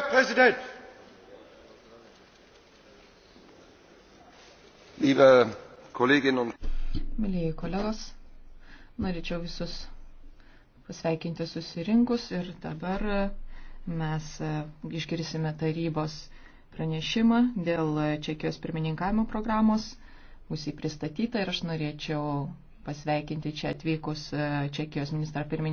Herr Präsident! Liebe Kolleginnen und Mėlyjei kolegos, norėčiau visus pasveikinti susirinkus ir dabar mes išgirsime tarybos pranešimą dėl Čekijos pirmininkavimo programos. Bus jį pristatyta ir aš norėčiau pasveikinti čia atvykus Čekijos ministrą pirmininką.